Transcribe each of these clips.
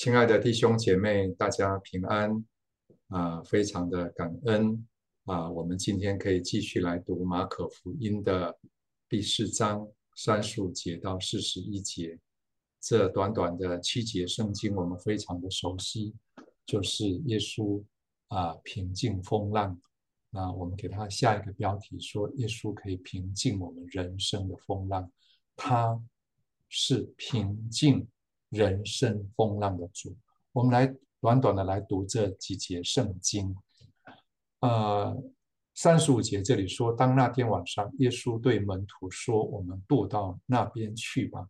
親愛的弟兄姐妹，大家平安啊、呃！非常的感恩啊、呃！我們今天可以繼續來讀馬可福音的第四章三十五節到四十一節，這短短的七節聖經我們非常的熟悉，就是耶穌啊、呃、平靜風浪。那、呃、我們給他下一個標題說，耶穌可以平靜我們人生的風浪，他是平靜。人生風浪的主，我們來短短的來讀這幾節聖經。呃，三十五節這裡說，當那天晚上，耶穌對門徒說：“我們渡到那邊去吧。”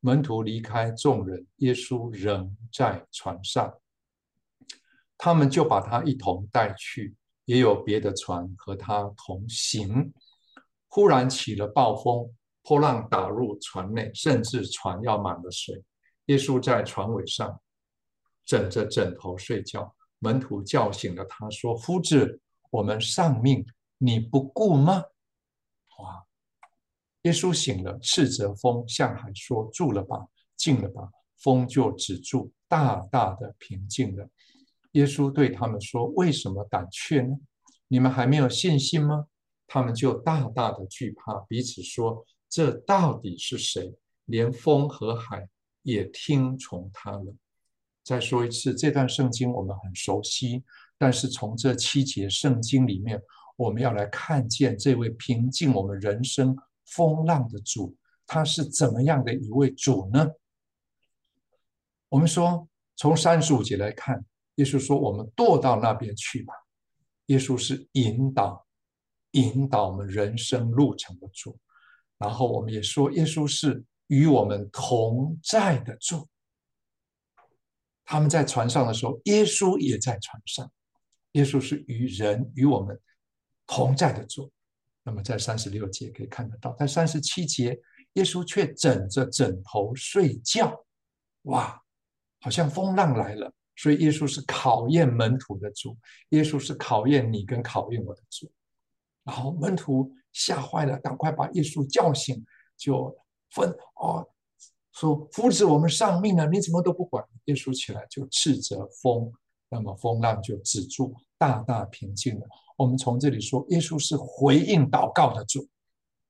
門徒離開眾人，耶穌仍在船上。他們就把他一同帶去，也有別的船和他同行。忽然起了暴風，波浪打入船內，甚至船要滿了水。耶穌在船尾上枕着枕頭睡覺，門徒叫醒了他說：“夫子，我們喪命，你不顧嗎？”哇！耶穌醒了，斥責風向海說：“住了吧，靜了吧。”風就止住，大大的平靜了。耶穌對他們說：“為什麼膽怯呢？你們還沒有信心嗎？”他們就大大的懼怕，彼此說：“這到底是誰？連風和海？”也聽從他了。再說一次，這段聖經我們很熟悉，但是從這七節聖經裡面，我們要來看見這位平靜我們人生風浪的主，他是怎麼樣的一位主呢？我們說，從三十五節來看，耶穌說：“我們渡到那邊去吧。”耶穌是引導、引導我們人生路程的主。然後我們也說，耶穌是。與我們同在的主，他們在船上的時候，耶穌也在船上。耶穌是與人與我們同在的主。那麼在三十六節可以看得到，在三十七節，耶穌卻枕着枕頭睡覺。哇，好像風浪來了。所以耶穌是考驗門徒的主，耶穌是考驗你跟考驗我的主。然後門徒嚇壞了，趕快把耶穌叫醒，就。風，哦，說夫子，我們喪命了，啊，你怎麼都不管？耶穌起來就斥責風，那麼風浪就止住，大大平靜了。我們從這裡說，耶穌是回應禱告的主。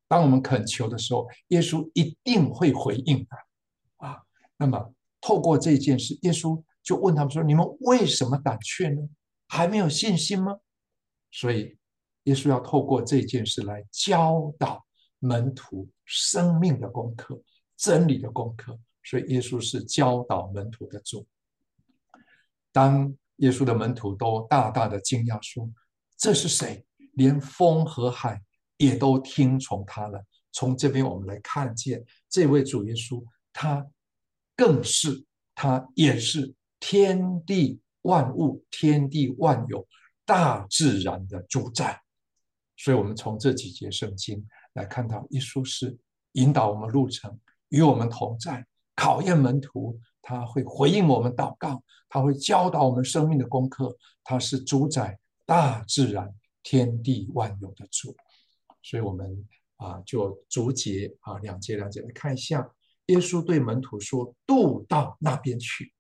當我們懇求的時候，耶穌一定會回應的啊。那麼透過這件事，耶穌就問他們說：“你們為什麼膽怯呢？還沒有信心嗎？”所以耶穌要透過這件事來教導。門徒生命的功課，真理的功課，所以耶穌是教導門徒的主。當耶穌的門徒都大大的驚訝說：“這是誰？連風和海也都聽從他了。”從這邊我們來看見，這位主耶穌，他更是他也是天地萬物、天地萬有、大自然的主宰。所以，我們從這幾節聖經。來看到，耶穌是引導我們路程，與我們同在，考驗門徒，他會回應我們禱告，他會教導我們生命的功課，他是主宰大自然、天地萬有的主。所以，我們啊，就逐節啊，兩節兩節的看一下。耶穌對門徒說：“渡到那邊去。”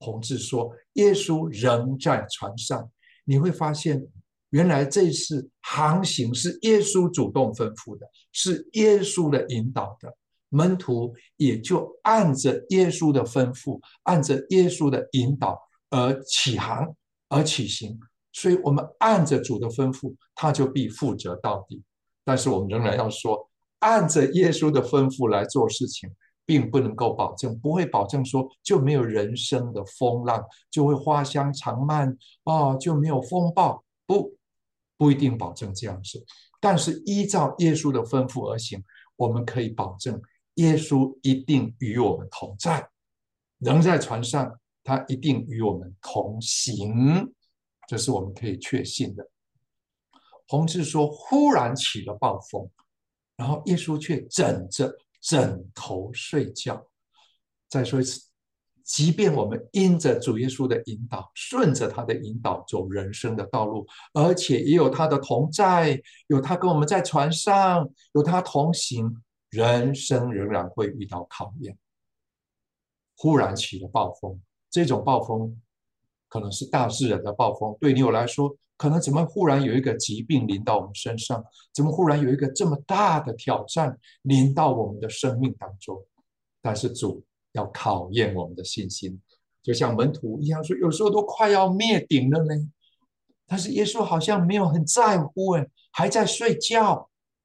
弘志說：“耶穌仍在船上。”你會發現。原來這次航行，行是耶穌主動吩咐的，是耶穌的引導的，門徒也就按着耶穌的吩咐，按着耶穌的引導而起航而起行。所以，我們按着主的吩咐，他就必負責到底。但是，我們仍然要說，按着耶穌的吩咐來做事情，並不能夠保證，不會保證說就沒有人生的風浪，就會花香長漫，哦，就沒有風暴，不。不一定保證這樣子，但是依照耶穌的吩咐而行，我們可以保證耶穌一定與我們同在，人在船上，他一定與我們同行，這是我們可以確信的。紅字說：“忽然起了暴風，然後耶穌卻枕着枕頭睡覺。”再說一次。即便我們因着主耶穌的引導，順着他的引導走人生的道路，而且也有他的同在，有他跟我們在船上，有他同行，人生仍然會遇到考驗。忽然起了暴風，這種暴風可能是大自然的暴風，對你我來說，可能怎麼忽然有一個疾病臨到我們身上，怎麼忽然有一個這麼大的挑戰臨到我們的生命當中，但是主。要考驗我們的信心，就像門徒一樣說，有時候都快要滅頂了嘞！但是耶穌好像沒有很在乎，哎，還在睡覺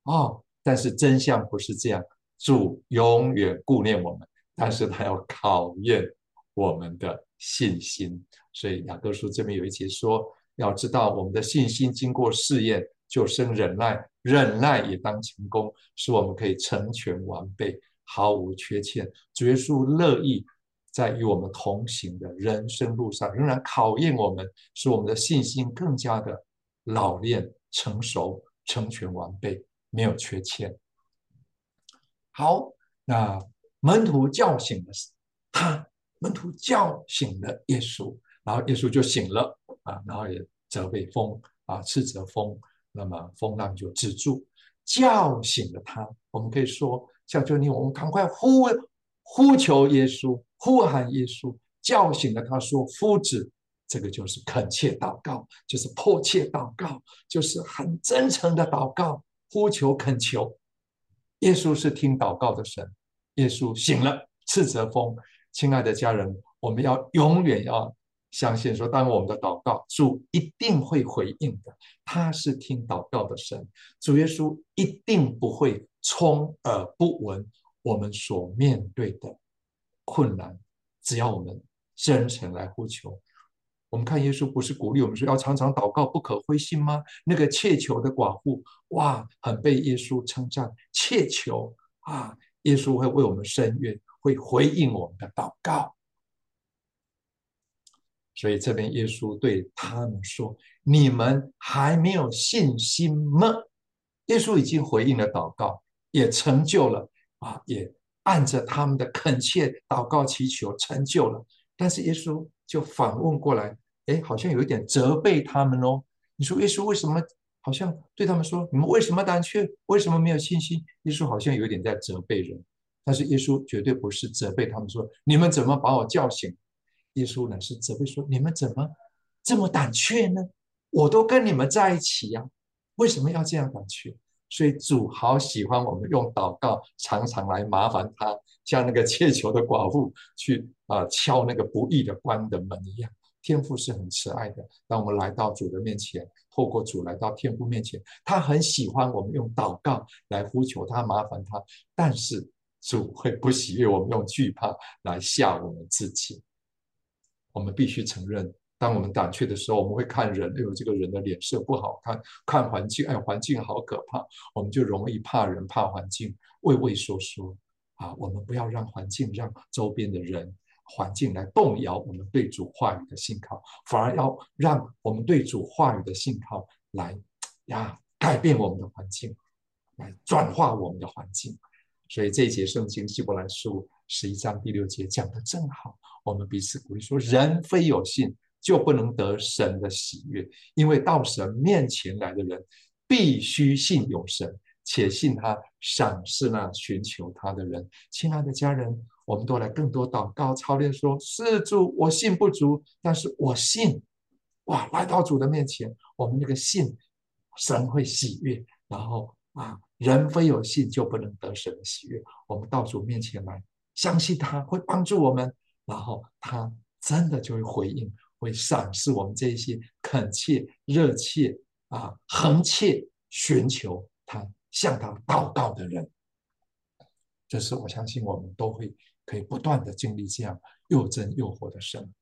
哦。但是真相不是這樣，主永遠顧念我們，但是他要考驗我們的信心。所以雅各書這邊有一節說，要知道我們的信心經過試驗，就生忍耐，忍耐也當成功，使我們可以成全完備，毫無缺陷，耶穌樂意在與我們同行的人生路上，仍然考驗我們，使我們的信心更加的老練、成熟、成全、完備，沒有缺陷。好，那門徒叫醒了他，門徒叫醒了耶穌，然後耶穌就醒了啊，然後也責備風啊，斥責風，那麼風浪就止住，叫醒了他，我們可以說。小兄弟，我們趕快呼呼求耶穌，呼喊耶穌，叫醒了他說：“夫子，這個就是懇切禱告，就是迫切禱告，就是很真誠的禱告，呼求懇求。”耶穌是聽禱告的神。耶穌醒了，斥責風。親愛的家人，我們要永遠要相信說，說當我們的禱告，主一定會回應的。他是聽禱告的神，主耶穌一定不會。充耳不聞我們所面對的困難，只要我們真誠來呼求，我們看耶穌不是鼓勵我們說要常常禱告，不可灰心嗎？那個切求的寡婦，哇，很被耶穌稱讚，切求啊，耶穌會為我們申冤，會回應我們的禱告。所以這邊耶穌對他們說：“你們還沒有信心嗎？”耶穌已經回應了禱告。也成就了啊！也按着他們的懇切禱告祈求成就了。但是耶穌就反問過來，哎，好像有一點責備他們哦。你說耶穌為什麼好像對他們說，你們為什麼膽怯？為什麼沒有信心？耶穌好像有一點在責備人。但是耶穌絕對不是責備他們說你們怎麼把我叫醒？耶穌呢是責備說你們怎麼這麼膽怯呢？我都跟你們在一起呀、啊，為什麼要這樣膽怯？所以主好喜歡我們用禱告，常常來麻煩他，像那個切求的寡婦去啊敲那個不義的官的門一樣。天父是很慈愛的，當我們來到主的面前，透過主來到天父面前，他很喜歡我們用禱告來呼求他、麻煩他。但是主會不喜悅我們用懼怕來嚇我們自己，我們必須承認。當我們膽怯的時候，我們會看人，哎呦，這個人的臉色不好看；看環境，哎，環境好可怕。我們就容易怕人、怕環境，畏畏縮縮。啊，我們不要讓環境、讓周邊的人、環境來動搖我們對主話語的信靠，反而要讓我們對主話語的信靠來呀改變我們的環境，來轉化我們的環境。所以這一節聖經希伯來書十一章第六節講得真好，我們彼此鼓勵說：“人非有信。”就不能得神的喜悅，因為到神面前來的人必須信有神，且信他賞賜那尋求他的人。親愛的家人，我們都來更多禱告操練說，說是主，我信不足，但是我信。哇，來到主的面前，我們那個信，神會喜悅。然後啊，人非有信就不能得神的喜悅。我們到主面前來，相信他會幫助我們，然後他真的就會回應。會賞賜我們這些懇切、熱切、啊、恆切尋求他、向他禱告的人。這、就是我相信，我們都會可以不斷的經歷這樣又真又活的神。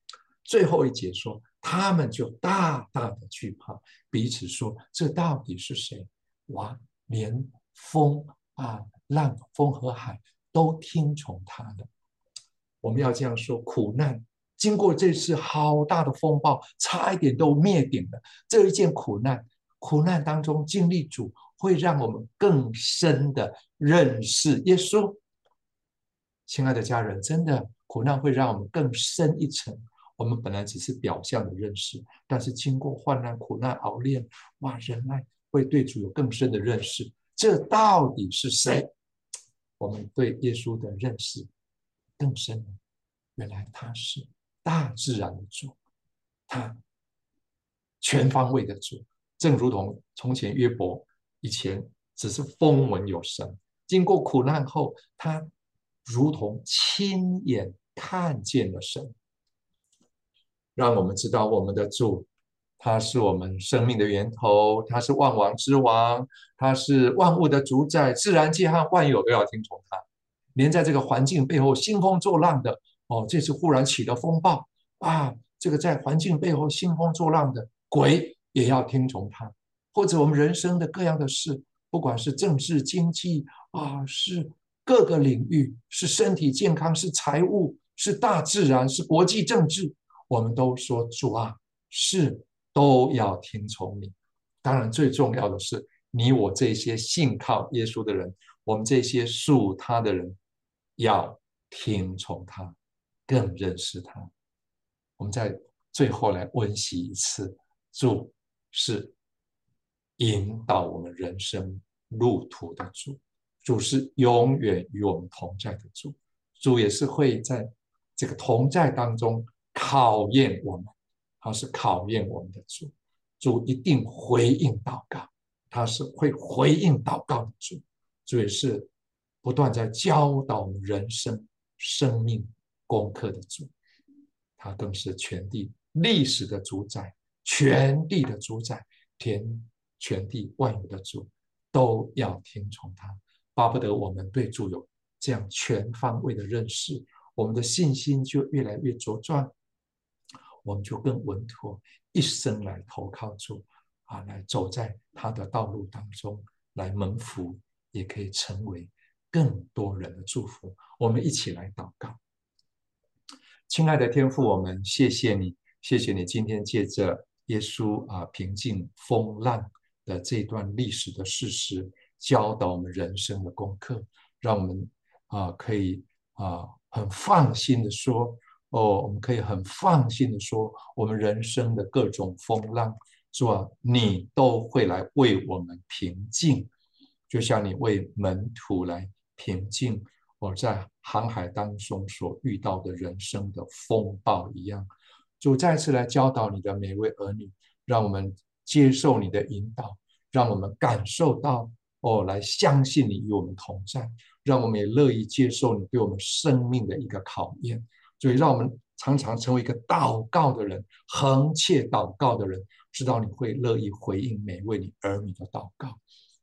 最後一節說，他們就大大的懼怕，彼此說：“這到底是誰？哇，連風啊、浪、風和海都聽從他的。”我們要這樣說，苦難。經過這次好大的風暴，差一點都滅頂了。這一件苦難，苦難當中經歷主，會讓我們更深的認識耶穌。親愛的家人，真的苦難會讓我們更深一層。我們本來只是表象的認識，但是經過患難、苦難熬煉，哇，人啊，會對主有更深的認識。這到底是誰？誰？我們對耶穌的認識更深了。原來他是。大自然的主，他全方位的主，正如同從前約伯以前只是風聞有神，經過苦難後，他如同親眼看見了神，讓我們知道我們的主，他是我們生命的源頭，他是萬王之王，他是萬物的主宰，自然界和萬有都要聽從他，連在這個環境背後興風作浪的。哦，這次忽然起了風暴啊！這個在環境背後興風作浪的鬼也要聽從他，或者我們人生的各樣的事，不管是政治經濟啊，是各個領域，是身體健康，是財務，是大自然，是國際政治，我們都說主啊，是都要聽從你。當然，最重要的是，你我這些信靠耶穌的人，我們這些屬他的人，要聽從他。認不認識他。我們再最後來溫習一次，主是引導我們人生路途的主，主是永遠與我們同在的主，主也是會在這個同在當中考驗我們，他是考驗我們的主，主一定回應禱告，他是會回應禱告的主，主也是不斷在教導人生生命。功課的主，他更是全地歷史的主宰，全地的主宰，天全，全地萬有的主，都要聽從他。巴不得我們對主有這樣全方位的認識，我們的信心就越來越茁壯，我們就更穩妥一生來投靠主啊，來走在他的道路當中，來蒙福，也可以成為更多人的祝福。我們一起來禱告。親愛的天父，我們謝謝你，謝謝你今天借着耶穌啊、呃、平靜風浪的這段歷史的事實，教導我們人生的功課，讓我們啊、呃、可以啊、呃、很放心的說，哦，我們可以很放心的說，我們人生的各種風浪是吧，你都會來為我們平靜，就像你為門徒來平靜。我在航海當中所遇到的人生的風暴一樣，就再次來教導你的每位兒女，讓我們接受你的引導，讓我們感受到哦，來相信你與我們同在，讓我們也樂意接受你對我們生命的一個考驗。所以，讓我們常常成為一個禱告的人，恆切禱告的人，知道你會樂意回應每位你兒女的禱告，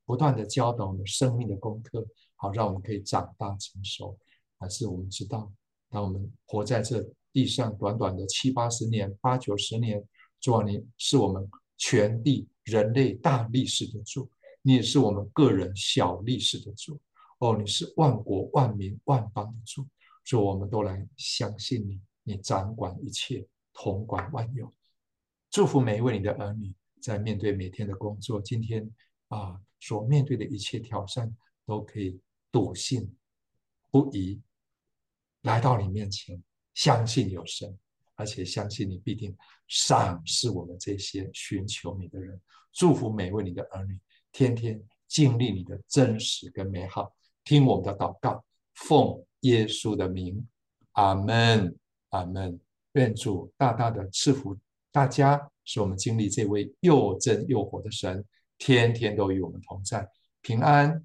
不斷地教導我們生命的功課。好，讓我們可以長大成熟，但是我們知道，當我們活在這地上短短的七八十年、八九十年。主啊，你是我們全地人類大歷史的主，你也是我們個人小歷史的主。哦，你是萬國萬民萬邦的主，所以我們都來相信你，你掌管一切，統管萬有。祝福每一位你的兒女，在面對每天的工作，今天啊、呃、所面對的一切挑戰，都可以。篤信不疑來到你面前，相信有神，而且相信你必定賞賜我們這些尋求你的人，祝福每位你的兒女，天天經歷你的真實跟美好，聽我們的禱告，奉耶穌的名，阿門，阿門。願主大大的賜福大家，使我們經歷這位又真又活的神，天天都與我們同在，平安。